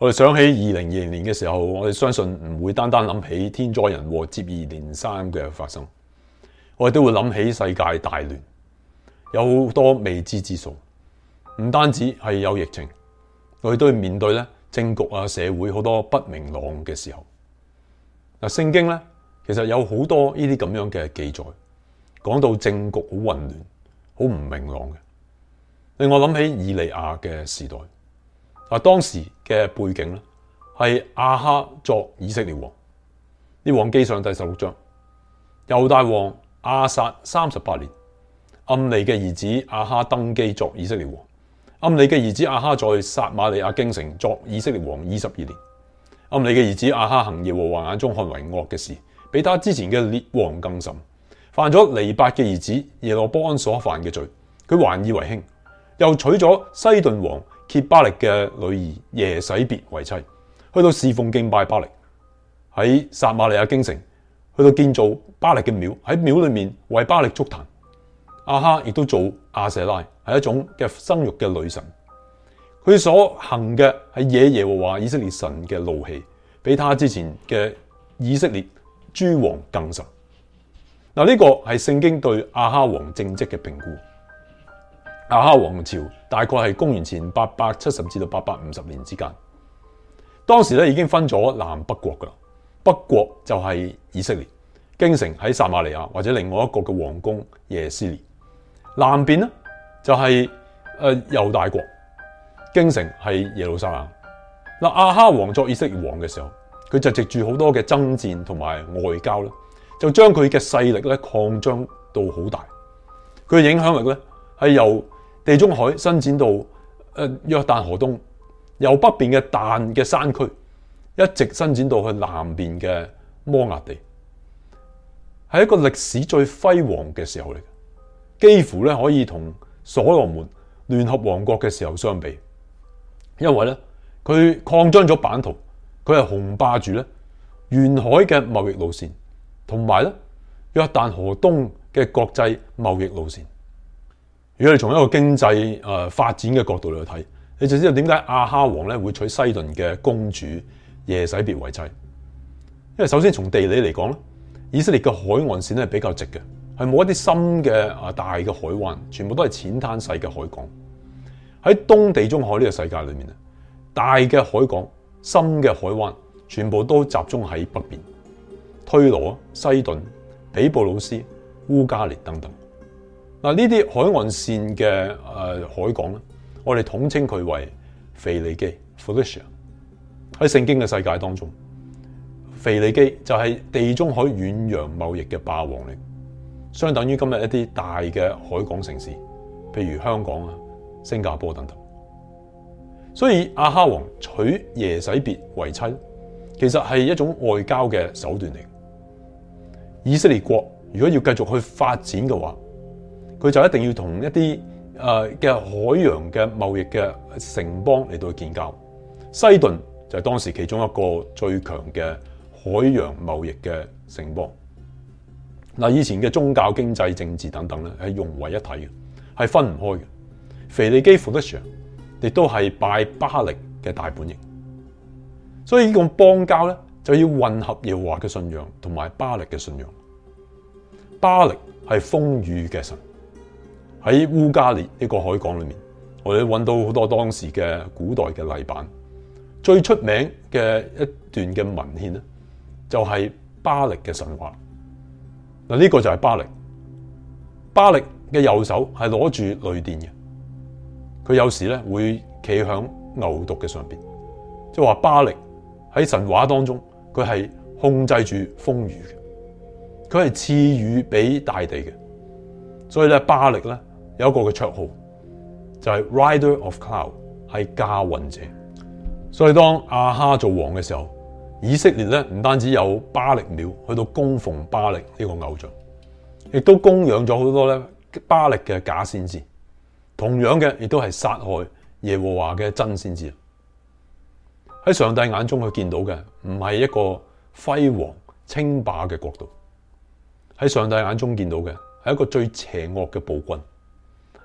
我哋想起二零二零年嘅時候，我哋相信唔會單單諗起天災人禍接二連三嘅發生，我哋都會諗起世界大亂，有好多未知之數，唔單止係有疫情，我哋都要面對咧政局啊社會好多不明朗嘅時候。嗱，聖經咧其實有好多呢啲咁樣嘅記載，講到政局好混亂、好唔明朗嘅，令我諗起以利亞嘅時代。嗱，當時嘅背景咧，係亞哈作以色列王。《呢王記》上第十六章，猶大王亞撒三十八年，暗利嘅兒子亞哈登基作以色列王。暗利嘅兒子亞哈在撒馬利亞京城作以色列王二十二年。暗利嘅兒子亞哈行耶和華眼中看為惡嘅事，比他之前嘅列王更甚，犯咗尼伯嘅兒子耶羅波安所犯嘅罪。佢還以為輕，又娶咗西頓王，謁巴力嘅女兒耶洗別為妻，去到侍奉敬拜巴力，喺撒馬利亞京城，去到建造巴力嘅廟，喺廟裏面為巴力築壇。阿哈亦都做阿舍拉，係一種嘅生育嘅女神。佢所行嘅係惹耶和華以色列神嘅怒氣，比他之前嘅以色列諸王更甚。嗱，呢個係聖經對阿哈王政績嘅評估。亞哈王朝大概係公元前八百七十至到八百五十年之間，當時咧已經分咗南北國噶啦。北國就係以色列，京城喺撒馬利亞或者另外一個嘅皇宮耶斯列。南邊呢、就是，就係誒猶大國，京城係耶路撒冷。嗱，亞哈王作以色列王嘅時候，佢就藉住好多嘅爭戰同埋外交咧，就將佢嘅勢力咧擴張到好大，佢嘅影響力咧係由。地中海伸展到誒約旦河東，由北邊嘅但嘅山區一直伸展到去南邊嘅摩押地，係一個歷史最輝煌嘅時候嚟，幾乎咧可以同所羅門聯合王國嘅時候相比，因為咧佢擴張咗版圖，佢係雄霸住咧沿海嘅貿易路線，同埋咧約旦河東嘅國際貿易路線。如果你從一個經濟誒發展嘅角度嚟睇，你就知道點解亞哈王咧會娶西頓嘅公主耶洗別為妻。因為首先從地理嚟講咧，以色列嘅海岸綫咧係比較直嘅，係冇一啲深嘅啊大嘅海灣，全部都係淺灘細嘅海港。喺東地中海呢個世界裏面啊，大嘅海港、深嘅海灣，全部都集中喺北邊，推羅、西頓、比布魯斯、烏加列等等。嗱，呢啲海岸線嘅、呃、海港咧，我哋統稱佢為腓尼基 f e l i c i a。喺聖經嘅世界當中，腓尼基就係地中海遠洋貿易嘅霸王力，相等於今日一啲大嘅海港城市，譬如香港啊、新加坡等等。所以阿哈王娶耶洗別為妻，其實係一種外交嘅手段嚟。以色列國如果要繼續去發展嘅話，佢就一定要同一啲嘅、呃、海洋嘅貿易嘅城邦嚟到建交。西頓就係當時其中一個最強嘅海洋貿易嘅城邦。嗱，以前嘅宗教、經濟、政治等等咧，係融為一體嘅，係分唔開嘅。腓尼基富得強亦都係拜巴力嘅大本營，所以呢個邦交咧就要混合耶和華嘅信仰同埋巴力嘅信仰。巴力係風雨嘅神。喺烏加列呢個海港裏面，我哋揾到好多當時嘅古代嘅泥板。最出名嘅一段嘅文獻咧，就係、是、巴力嘅神話。嗱，呢個就係巴力。巴力嘅右手係攞住雷電嘅，佢有時咧會企喺牛犢嘅上面，即係話巴力喺神話當中，佢係控制住風雨嘅，佢係賜雨俾大地嘅，所以咧巴力咧。有一個嘅綽號就係、是、Rider of Cloud，係駕雲者。所以當亞哈做王嘅時候，以色列咧唔單止有巴力廟，去到供奉巴力呢個偶像，亦都供養咗好多咧巴力嘅假先知，同樣嘅亦都係殺害耶和華嘅真先知。喺上帝眼中佢見到嘅唔係一個輝煌稱霸嘅國度，喺上帝眼中見到嘅係一個最邪惡嘅暴君。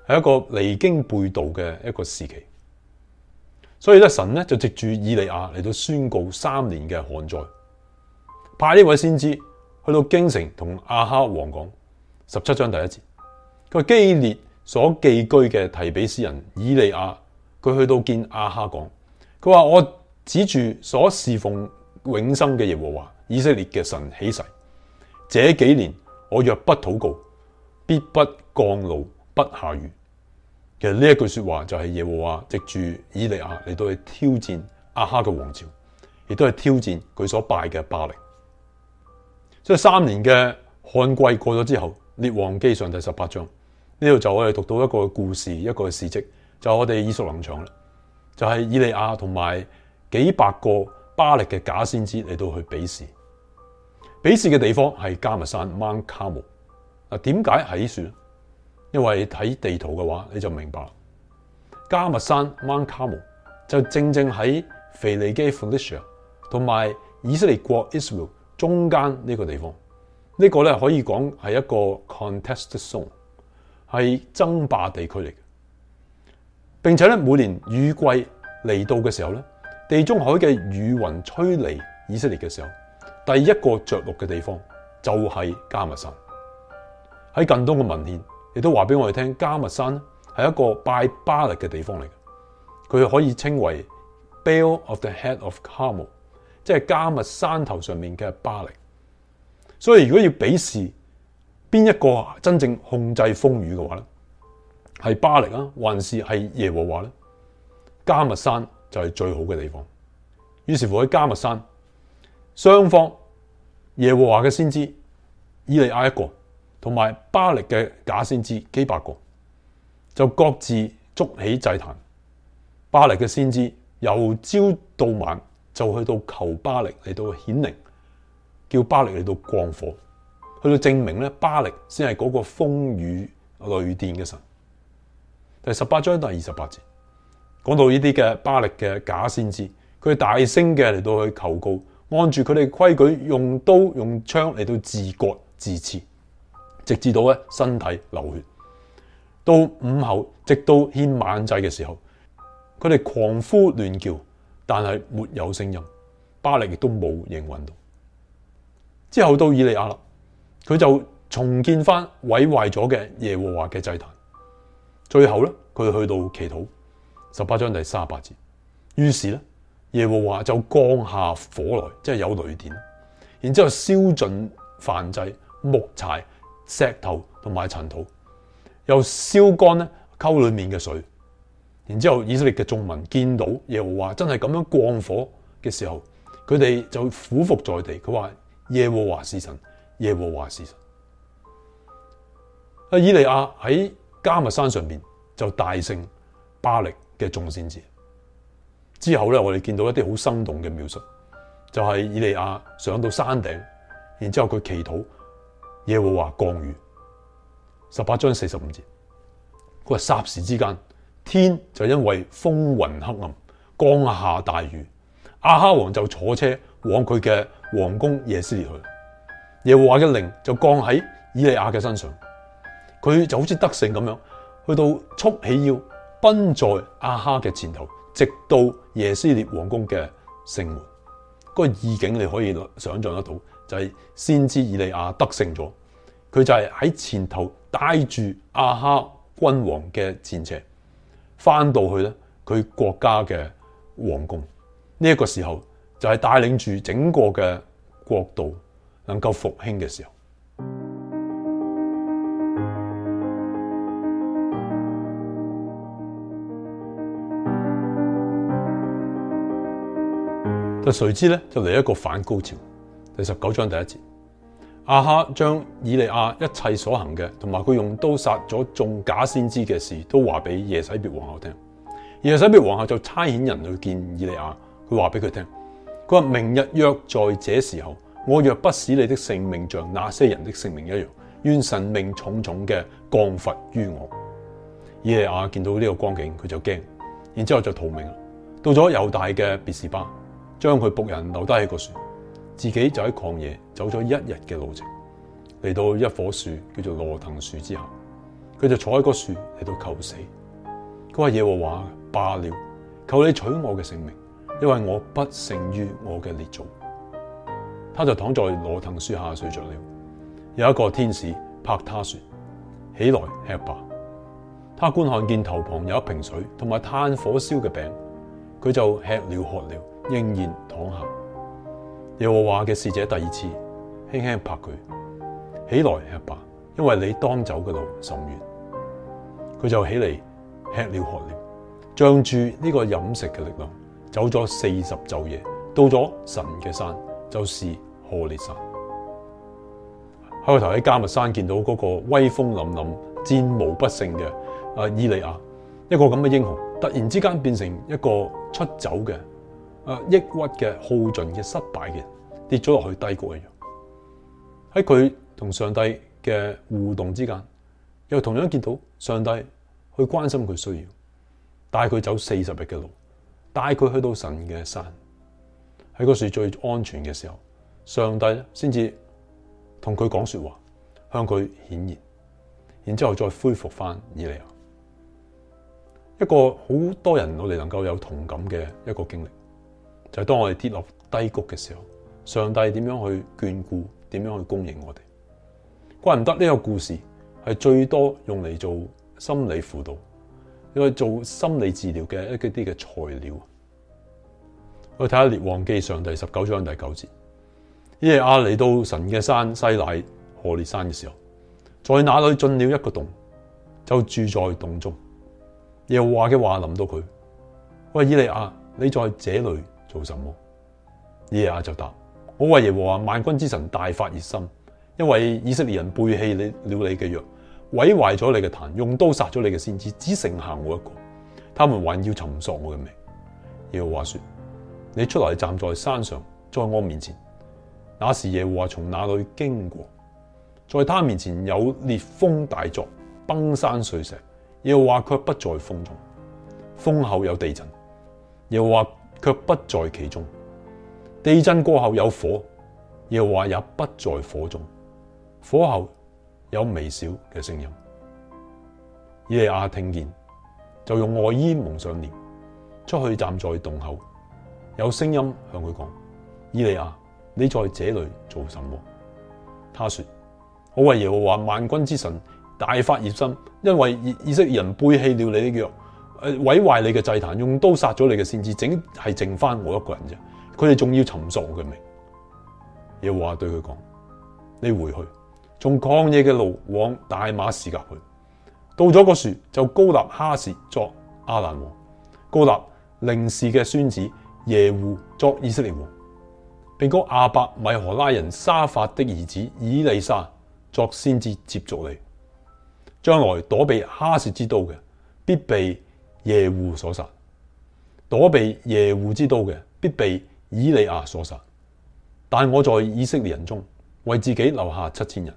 係一個離經背道嘅一個時期，所以咧神咧就藉住以利亞嚟到宣告三年嘅旱災，派呢位先知去到京城同阿哈王講，十七章第一節。佢話基列所寄居嘅提比斯人以利亞，佢去到見阿哈講，佢話我指住所侍奉永生嘅耶和華以色列嘅神起誓，這幾年我若不禱告，必不降露。不下雨，其實呢一句說話就係耶和華藉住以利亞嚟到去挑戰阿哈嘅王朝，亦都係挑戰佢所拜嘅巴力。所以三年嘅旱季過咗之後，《列王紀上》第十八章呢度就我哋讀到一個故事，一個事跡，就是、我哋耳熟能詳啦。就係、是、以利亞同埋幾百個巴力嘅假先知嚟到去比試，比試嘅地方係加密山 （Mount c 啊，點解喺樹？為什麼因為睇地圖嘅話，你就明白加密山 m o n Carmel） 就正正喺腓尼基 （Phoenicia） 同埋以色列國 （Israel） 中間呢個地方。呢、這個咧可以講係一個 contest zone，係爭霸地區嚟嘅。並且咧每年雨季嚟到嘅時候咧，地中海嘅雨雲吹嚟以色列嘅時候，第一個着陸嘅地方就係加密山。喺更多嘅文獻。亦都話俾我哋聽，迦密山係一個拜巴力嘅地方嚟嘅，佢可以稱為 Baal of the Head of Carmel，即係迦密山頭上面嘅巴力。所以如果要比試邊一個真正控制風雨嘅話咧，係巴力啊，還是係耶和華咧？迦密山就係最好嘅地方。於是乎喺迦密山，雙方耶和華嘅先知，以利亞一個。同埋巴力嘅假先知幾百個，就各自捉起祭壇。巴力嘅先知由朝到晚就去到求巴力嚟到顯靈，叫巴力嚟到降火，去到證明咧巴力先係嗰個風雨雷電嘅神。第十八章第二十八節講到呢啲嘅巴力嘅假先知，佢大聲嘅嚟到去求告，按住佢哋規矩用刀用槍嚟到自割自刺。直至到咧身體流血，到午後，直到獻晚祭嘅時候，佢哋狂呼亂叫，但係沒有聲音。巴力亦都冇認允到應允。之後到以利亞啦，佢就重建翻毀壞咗嘅耶和華嘅祭壇。最後咧，佢去到祈禱十八章第三十八節，於是咧耶和華就降下火來，即係有雷電，然之後燒盡燔祭木柴、石頭同埋塵土，又燒乾咧溝裏面嘅水，然之後以色列嘅眾民見到耶和華真係咁樣降火嘅時候，佢哋就俯伏在地，佢話耶和華是神，耶和華是神。阿以利亞喺加密山上面就大勝巴力嘅眾先知。之後咧，我哋見到一啲好生動嘅描述，就係、是、以利亞上到山頂，然之後佢祈禱。耶和華降雨，十八章四十五節，佢話，霎時之間，天就因為風雲黑暗，降下大雨。阿哈王就坐車往佢嘅王宮耶斯列去，耶和華嘅靈就降喺以利亞嘅身上，佢就好似得勝咁樣，去到束起腰，奔在阿哈嘅前頭，直到耶斯列王宮嘅城門，嗰、那個意境你可以想象得到。就係先知以利亞得勝咗，佢就係喺前頭帶住亞哈君王嘅戰車翻到去咧，佢國家嘅王宮，呢一個時候就係帶領住整個嘅國度能夠復興嘅時候，就誰知咧就嚟一個反高潮。第十九章第一節，亞哈將以利亞一切所行嘅，同埋佢用刀殺咗眾假先知嘅事，都話俾耶洗別皇后聽。耶洗別皇后就差遣人去見以利亞，佢話俾佢聽，佢話明日約在這時候，我若不使你的性命像那些人的性命一樣，願神命重重嘅降罰於我。以利亞見到呢個光景，佢就驚，然之後就逃命，到咗猶大嘅別是巴，將佢僕人留低喺個船。自己就喺曠野走咗一日嘅路程，嚟到一棵樹叫做羅騰樹之後，佢就坐喺個樹嚟到求死。佢話耶和華，罷了，求你取我嘅性命，因為我不勝於我嘅列祖。他就躺在羅騰樹下睡着了。有一個天使拍他說：起來吃吧。他觀看見頭旁有一瓶水同埋炭火燒嘅餅，佢就吃了喝了，仍然躺下。耶和華嘅使者第二次輕輕拍佢，起來吃吧，因為你當走嘅路甚遠。佢就起嚟，吃了喝了，仗住呢個飲食嘅力量，走咗四十晝夜，到咗神嘅山，就是何烈山。喺個頭喺迦密山見到嗰個威風凛凛、戰無不勝嘅阿以利亞，一個咁嘅英雄，突然之間變成一個出走嘅。抑鬱嘅、耗盡嘅、失敗嘅人，跌咗落去低谷一樣。喺佢同上帝嘅互動之間，又同樣見到上帝去關心佢需要，帶佢走四十日嘅路，帶佢去到神嘅山。喺嗰時最安全嘅時候，上帝先至同佢講說話，向佢顯現，然之後再恢復翻以利亞一個好多人我哋能夠有同感嘅一個經歷。就是當我哋跌落低谷嘅時候，上帝點樣去眷顧，點樣去供應我哋？怪唔得呢、這個故事係最多用嚟做心理輔導，用嚟做心理治療嘅一啲啲嘅材料。去睇下《列王記上》第十九章第九節，以利亞嚟到神嘅山西乃何烈山嘅時候，在那裏進了一個洞，就住在洞中。耶和華嘅話臨到佢，喂，以利亞，你在這裏做什麼？耶和就答：我為耶和華萬軍之神大發熱心，因為以色列人背棄你了你嘅約，毀壞咗你嘅壇，用刀殺咗你嘅先知，只剩下我一個，他們還要尋索我嘅命。耶和華說：你出來站在山上，在我面前，那時耶和華從那裏經過，在他面前有烈風大作，崩山碎石。耶和華卻不在風中，風後有地震。耶和華。卻不在其中。地震過後有火，耶和華也不在火中。火後有微小嘅聲音，以利亞聽見，就用外衣蒙上臉，出去站在洞口。有聲音向佢講：以利亞，你在這裏做什麼？他說：我為耶和華萬軍之神大發熱心，因為以色列人背棄了你的約誒毀壞你嘅祭壇，用刀殺咗你嘅先知，淨係剩翻我一個人啫。佢哋仲要尋索我嘅命，又話對佢講：你回去從曠野嘅路往大馬士革去，到咗個樹就高立哈士作亞蘭王，高立寧氏嘅孫子耶戶作以色列王，並將亞伯米荷拉人沙法的兒子以利沙作先知接續你，將來躲避哈士之刀嘅，必被。耶戶所殺，躲避耶戶之刀嘅必被以利亞所殺。但我在以色列人中為自己留下七千人，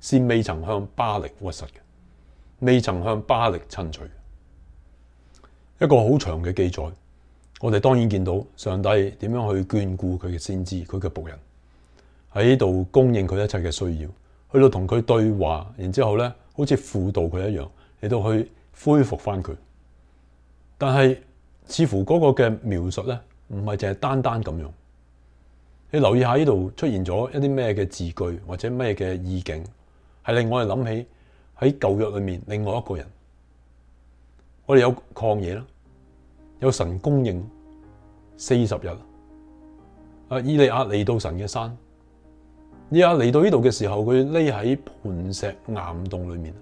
是未曾向巴力屈實嘅，未曾向巴力親取。一個好長嘅記載，我哋當然見到上帝點樣去眷顧佢嘅先知，佢嘅僕人喺度供應佢一切嘅需要，去到同佢對話，然之後咧好似輔導佢一樣，嚟到去恢復翻佢。但係，似乎嗰個嘅描述咧，唔係淨係單單咁樣。你留意下呢度出現咗一啲咩嘅字句，或者咩嘅意境，係令我哋諗起喺舊約裏面另外一個人。我哋有曠野啦，有神供應四十日。阿以利亞嚟到神嘅山，以利亞嚟到呢度嘅時候，佢匿喺磐石岩洞裏面。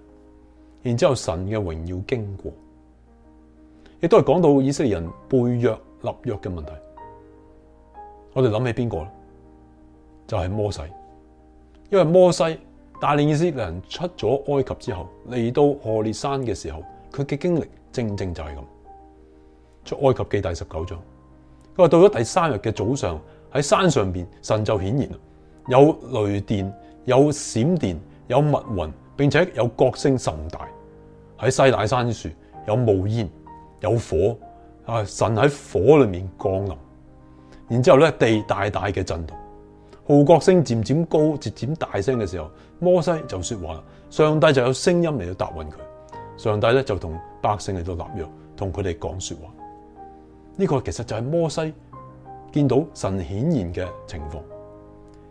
然之後，神嘅榮耀經過。亦都係講到以色列人背約立約嘅問題，我哋諗起邊個咧？就係、是、摩西，因為摩西帶領以色列人出咗埃及之後，嚟到何烈山嘅時候，佢嘅經歷正正就係咁。《出埃及記》第十九章，佢話到咗第三日嘅早上喺山上邊，神就顯現，有雷電、有閃電、有密雲，並且有角聲甚大，喺西乃山處有冒煙。有火，啊！神喺火裏面降臨，然之後咧，地大大嘅震動，號角聲漸漸高，漸漸大聲嘅時候，摩西就說話喇，上帝就有聲音嚟到答應佢。上帝咧，就同百姓嚟到立約，同佢哋講說話。呢、這個其實就係摩西見到神顯現嘅情況。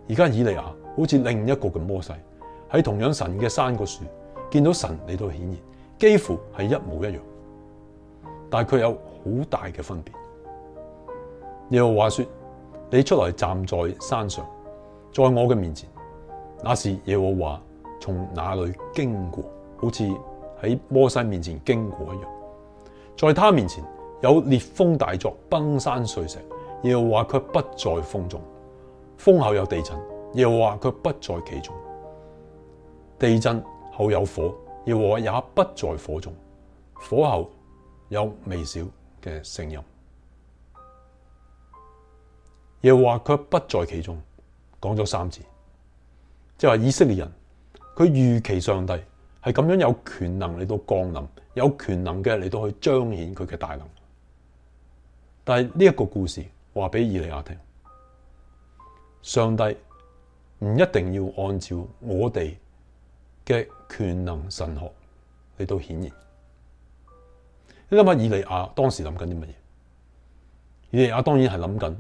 而家以利亞，好似另一個嘅摩西，喺同樣神嘅山個樹見到神嚟到顯現，幾乎係一模一樣。但佢有好大嘅分別。耶和華說，你出來站在山上，在我嘅面前，那是耶和華從哪裏經過，好似喺摩西面前經過一樣。在他面前有烈風大作，崩山碎石，耶和華卻不在風中；風後有地震，耶和華卻不在其中；地震後有火，耶和華也不在火中；火後，有微小嘅聲音，又話佢不在其中，講咗三次，即係話以色列人，佢預期上帝係咁樣有權能嚟到降臨，有權能嘅嚟到去彰顯佢嘅大能。但係呢一個故事話俾以利亞聽，上帝唔一定要按照我哋嘅權能神學嚟到顯現。你諗下以利亞當時諗緊啲乜嘢？以利亞當然係諗緊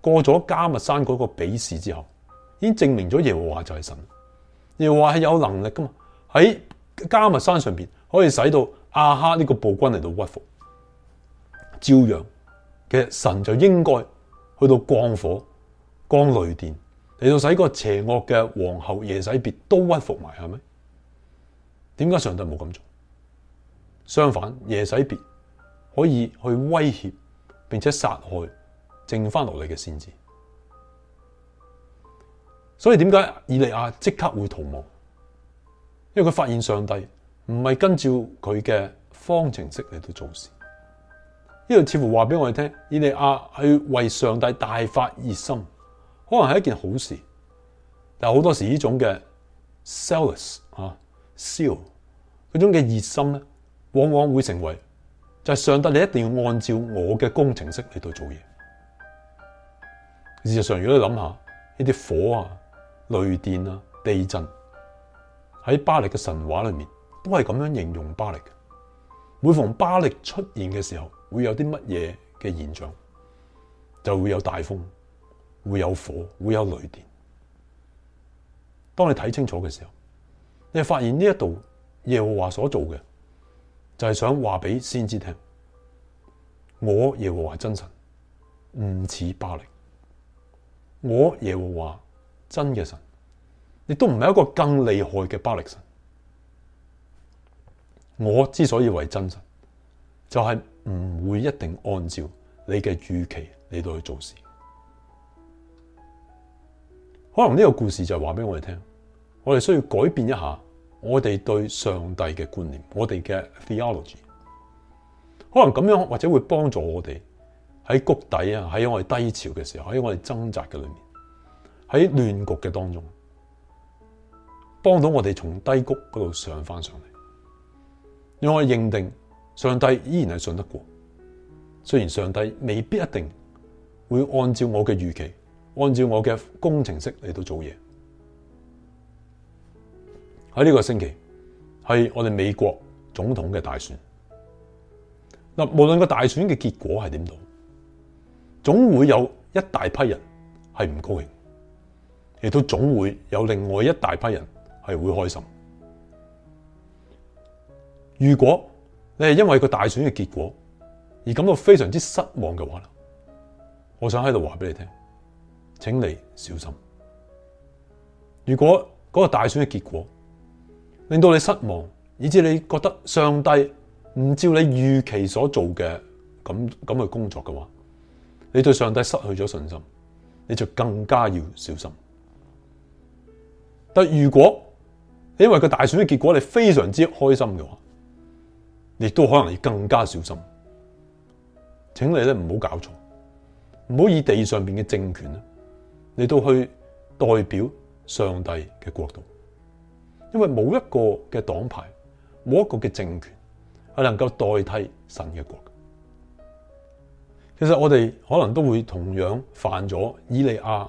過咗迦密山嗰個比試之後，已經證明咗耶和華就係神，耶和華係有能力噶嘛？喺迦密山上面，可以使到亞哈呢個暴君嚟到屈服。照樣嘅神就應該去到降火、降雷電嚟到使個邪惡嘅皇后耶洗別都屈服埋，係咪？點解上帝冇咁做？相反，耶洗別，可以去威脅，並且殺害剩翻落嚟嘅先知。所以點解以利亞即刻會逃亡？因為佢發現上帝唔係跟照佢嘅方程式嚟到做事。呢度似乎話俾我哋聽，以利亞係為上帝大發熱心，可能係一件好事。但係好多時呢種嘅 selfish 啊、self 嗰種嘅熱心咧，往往會成為。但係上帝，你一定要按照我嘅工程式嚟到做嘢。事實上，如果你諗下呢啲火啊、雷電啊、地震，喺巴力嘅神話裏面都係咁樣形容巴力。每逢巴力出現嘅時候，會有啲乜嘢嘅現象，就會有大風，會有火，會有雷電。當你睇清楚嘅時候，你會發現呢一度耶和華所做嘅。就係想話俾先知聽，我耶和華真神唔似巴力，我耶和華真嘅神，亦都唔係一個更厲害嘅巴力神。我之所以為真神，就係唔會一定按照你嘅預期嚟到去做事。可能呢個故事就係話俾我哋聽，我哋需要改變一下。我哋對上帝嘅觀念，我哋嘅 theology，可能咁樣或者會幫助我哋喺谷底啊，喺我哋低潮嘅時候，喺我哋掙扎嘅裏面，喺亂局嘅當中，幫到我哋從低谷嗰度上翻上嚟，讓我認定上帝依然係信得過，雖然上帝未必一定會按照我嘅預期，按照我嘅工程式嚟到做嘢。喺呢個星期係我哋美國總統嘅大選嗱，無論個大選嘅結果係點都，總會有一大批人係唔高興，亦都總會有另外一大批人係會開心。如果你係因為個大選嘅結果而感到非常之失望嘅話，我想喺度話俾你聽，請你小心。如果嗰個大選嘅結果，令到你失望，以至你覺得上帝唔照你預期所做嘅咁咁去工作嘅話，你對上帝失去咗信心，你就更加要小心。但如果因為個大選嘅結果你非常之開心嘅話，你都可能要更加小心。請你咧唔好搞錯，唔好以地上邊嘅政權咧嚟到去代表上帝嘅國度。因為冇一個嘅黨派，冇一個嘅政權係能夠代替神嘅國。其實我哋可能都會同樣犯咗以利亞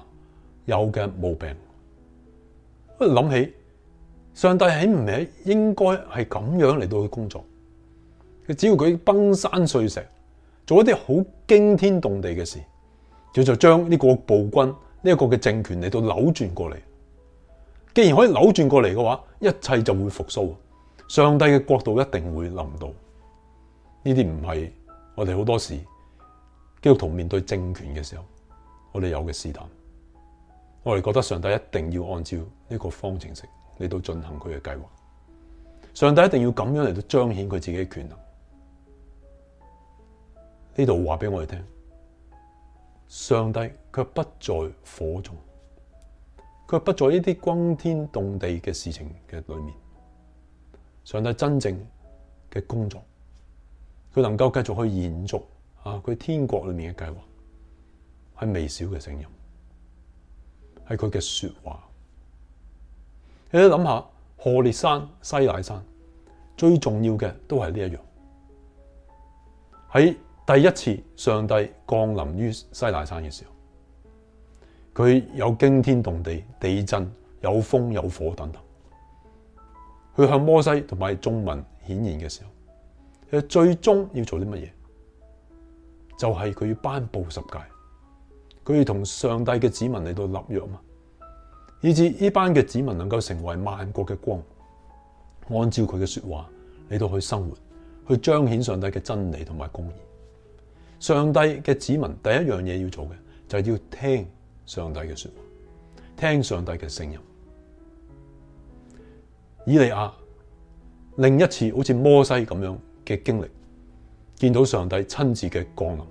有嘅毛病。我諗起上帝喺唔喺應該係咁樣嚟到去工作？佢只要佢崩山碎石，做一啲好驚天動地嘅事，就就將呢個暴君呢一個嘅政權嚟到扭轉過嚟。既然可以扭轉過嚟嘅話，一切就會復甦。上帝嘅國度一定會臨到。呢啲唔係我哋好多時基督徒面對政權嘅時候，我哋有嘅試探。我哋覺得上帝一定要按照呢個方程式嚟到進行佢嘅計劃。上帝一定要咁樣嚟到彰顯佢自己嘅權能。呢度話俾我哋聽，上帝卻不在火中。佢不在呢啲轟天動地嘅事情嘅裏面。上帝真正嘅工作，佢能夠繼續去延續啊佢天國裏面嘅計劃，係微小嘅聲音，係佢嘅說話。你都諗下，何烈山、西奈山最重要嘅都係呢一樣。喺第一次上帝降臨於西奈山嘅時候。佢有驚天動地地震，有風有火等等。佢向摩西同埋眾民顯現嘅時候，佢最終要做啲乜嘢？就係佢要頒佈十誡，佢要同上帝嘅子民嚟到立約啊嘛，以致呢班嘅子民能夠成為萬國嘅光，按照佢嘅說話嚟到去生活，去彰顯上帝嘅真理同埋公義。上帝嘅子民第一樣嘢要做嘅就係要聽。上帝嘅說話，聽上帝嘅聲音。以利亞另一次好似摩西咁樣嘅經歷，見到上帝親自嘅降臨，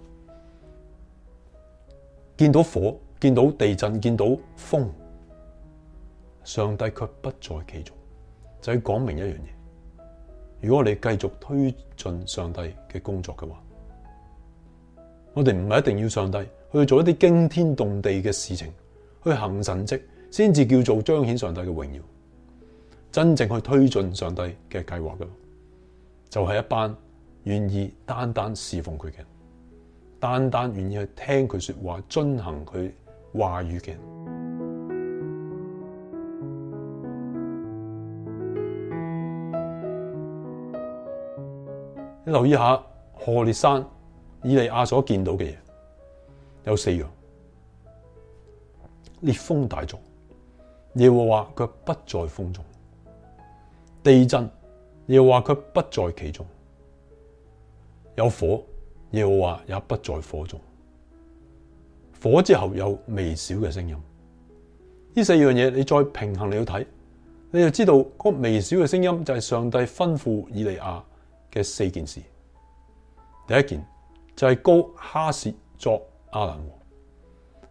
見到火，見到地震，見到風，上帝卻不在其中，就係講明一樣嘢：如果你繼續推進上帝嘅工作嘅話，我哋唔係一定要上帝。去做一啲驚天動地嘅事情，去行神蹟，先至叫做彰顯上帝嘅榮耀，真正去推進上帝嘅計劃嘅，就係一班願意單單侍奉佢嘅人，單單願意去聽佢說話，遵行佢話語嘅人。你留意一下何烈山以利亞所見到嘅嘢。有四樣，烈風大作，耶和華卻不在風中；地震，耶和華卻不在其中；有火，耶和華也不在火中。火之後有微小嘅聲音，呢四樣嘢你再平衡嚟睇，你就知道個微小嘅聲音就係上帝吩咐以利亞嘅四件事。第一件就係、是、膏哈薛作。阿蘭王，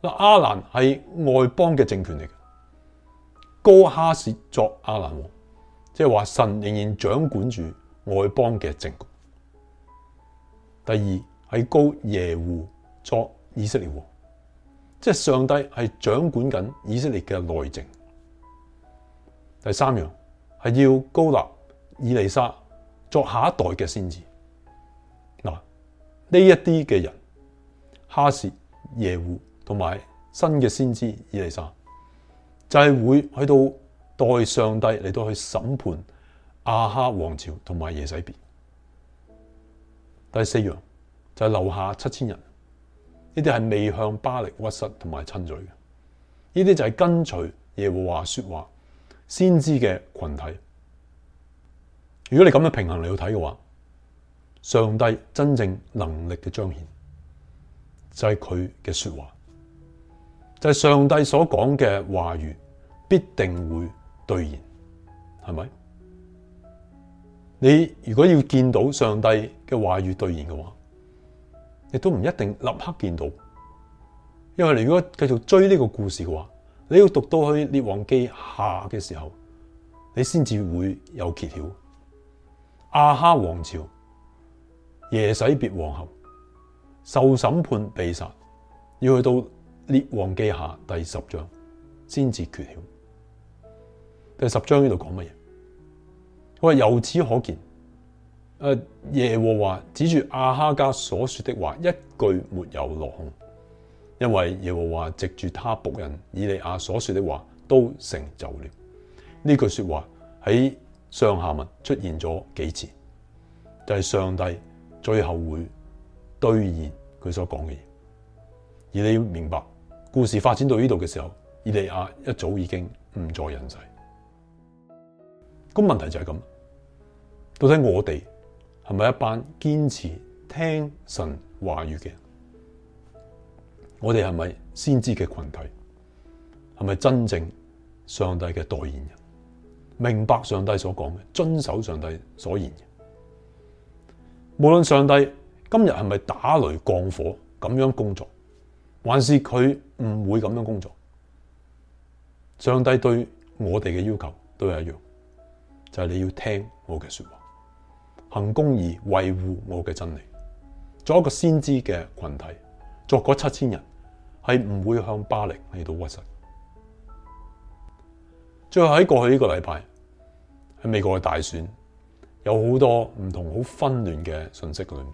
嗱亞蘭係外邦嘅政權嚟嘅，高哈士作阿蘭王，即係話神仍然掌管住外邦嘅政局。第二係高耶戶作以色列王，即係上帝係掌管緊以色列嘅內政。第三樣係要高立以利沙作下一代嘅先知。嗱呢一啲嘅人。哈薛、耶戶同埋新嘅先知以利沙，就係、是、會去到代上帝嚟到去審判亞哈王朝同埋耶洗別。第四樣就係、是、留下七千人，呢啲係未向巴力屈膝同埋親嘴嘅，呢啲就係跟隨耶和華說話先知嘅群體。如果你咁樣平衡嚟到睇嘅話，上帝真正能力嘅彰顯就係佢嘅說話，就係、是、上帝所講嘅話語必定會兌現，係咪？你如果要見到上帝嘅話語兌現嘅話，你都唔一定立刻見到，因為你如果繼續追呢個故事嘅話，你要讀到去《列王記下》嘅時候，你先至會有揭曉。阿、啊、哈王朝，耶洗別王后受審判被殺，要去到列王記下第十章先至揭曉。第十章呢度講乜嘢？佢話，由此可見，誒，耶和華指住阿哈家所說的話一句沒有落空，因為耶和華藉住他僕人以利亞所說的話都成就了。呢句說話喺上下文出現咗幾次？就係、是、上帝最後會。對言佢所講嘅嘢，而你要明白，故事發展到呢度嘅時候，以利亞一早已經唔在人世。咁問題就係咁，到底我哋係咪一班堅持聽神話語嘅人？我哋係咪先知嘅群體？係咪真正上帝嘅代言人？明白上帝所講嘅，遵守上帝所言嘅，無論上帝。今日係咪打雷降火咁樣工作，還是佢唔會咁樣工作？上帝對我哋嘅要求都係一樣，就係、是、你要聽我嘅說話，行公義，維護我嘅真理，作一個先知嘅群體，作嗰七千人係唔會向巴力嚟到屈膝。最後喺過去呢個禮拜喺美國嘅大選，有好多唔同好紛亂嘅信息裏面，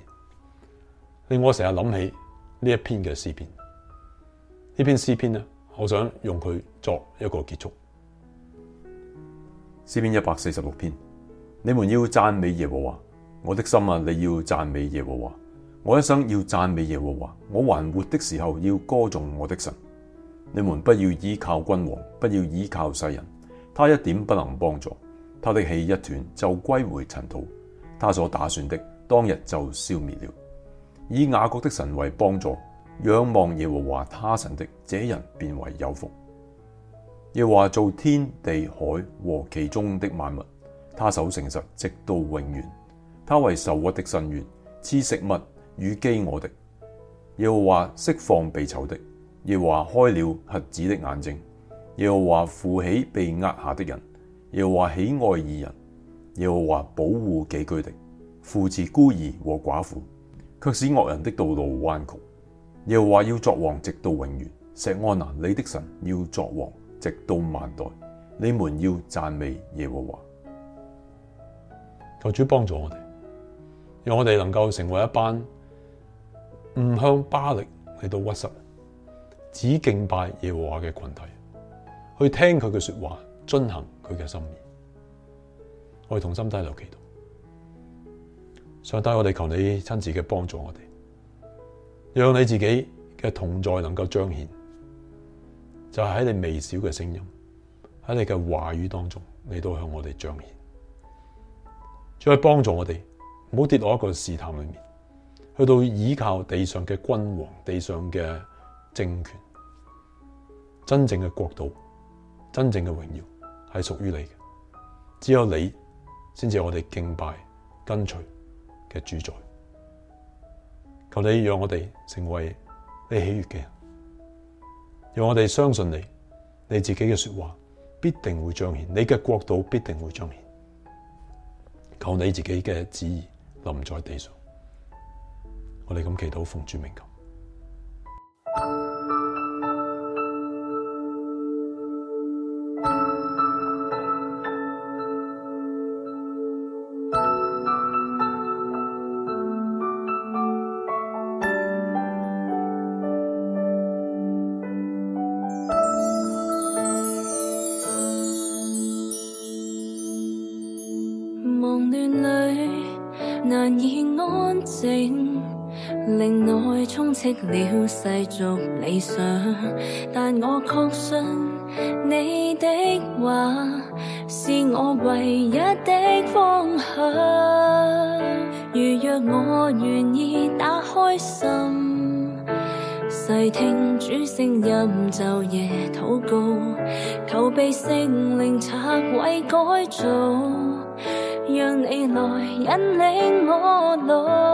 令我成日諗起呢一篇嘅詩篇，呢篇詩篇呢，我想用佢作一個結束。詩篇一百四十六篇，你們要讚美耶和華，我的心啊，你要讚美耶和華，我一生要讚美耶和華，我還活的時候要歌頌我的神。你們不要倚靠君王，不要倚靠世人，他一點不能幫助，他的氣一斷就歸回塵土，他所打算的當日就消滅了。以雅各的神為幫助，仰望耶和華他神的這人便為有福。耶和華造天地海和其中的萬物，他守誠實直到永遠。他為受屈的伸冤，賜食物與飢餓的。耶和華釋放被囚的，耶和華開了瞎子的眼睛，耶和華扶起被壓下的人，耶和華喜愛義人，耶和華保護寄居的，扶持孤兒和寡婦。卻使惡人的道路彎曲，耶和華要作王直到永遠。錫安哪，你的神要作王直到萬代，你們要讚美耶和華。求主幫助我哋，讓我哋能夠成為一班唔向巴力嚟到屈膝，只敬拜耶和華嘅群體，去聽佢嘅說話，遵行佢嘅心意。我哋同心低頭祈禱。上帝，我哋求你親自嘅幫助我哋，讓你自己嘅同在能夠彰顯，就係喺你微小嘅聲音，喺你嘅話語當中，你都向我哋彰顯，再幫助我哋，唔好跌落一個試探裏面，去到依靠地上嘅君王，地上嘅政權，真正嘅國度、真正嘅榮耀係屬於你嘅。只有你先至我哋敬拜跟隨嘅主宰，求你讓我哋成為你喜悅嘅人，讓我哋相信你，你自己嘅說話必定會彰顯，你嘅國度必定會彰顯，求你自己嘅旨意臨在地上，我哋噉祈禱奉主名求。世俗理想，但我確信你的話是我唯一的方向。如若我願意打開心，細聽主聲音，晝夜禱告，求被聖靈拆毀改造，讓你來引領我路。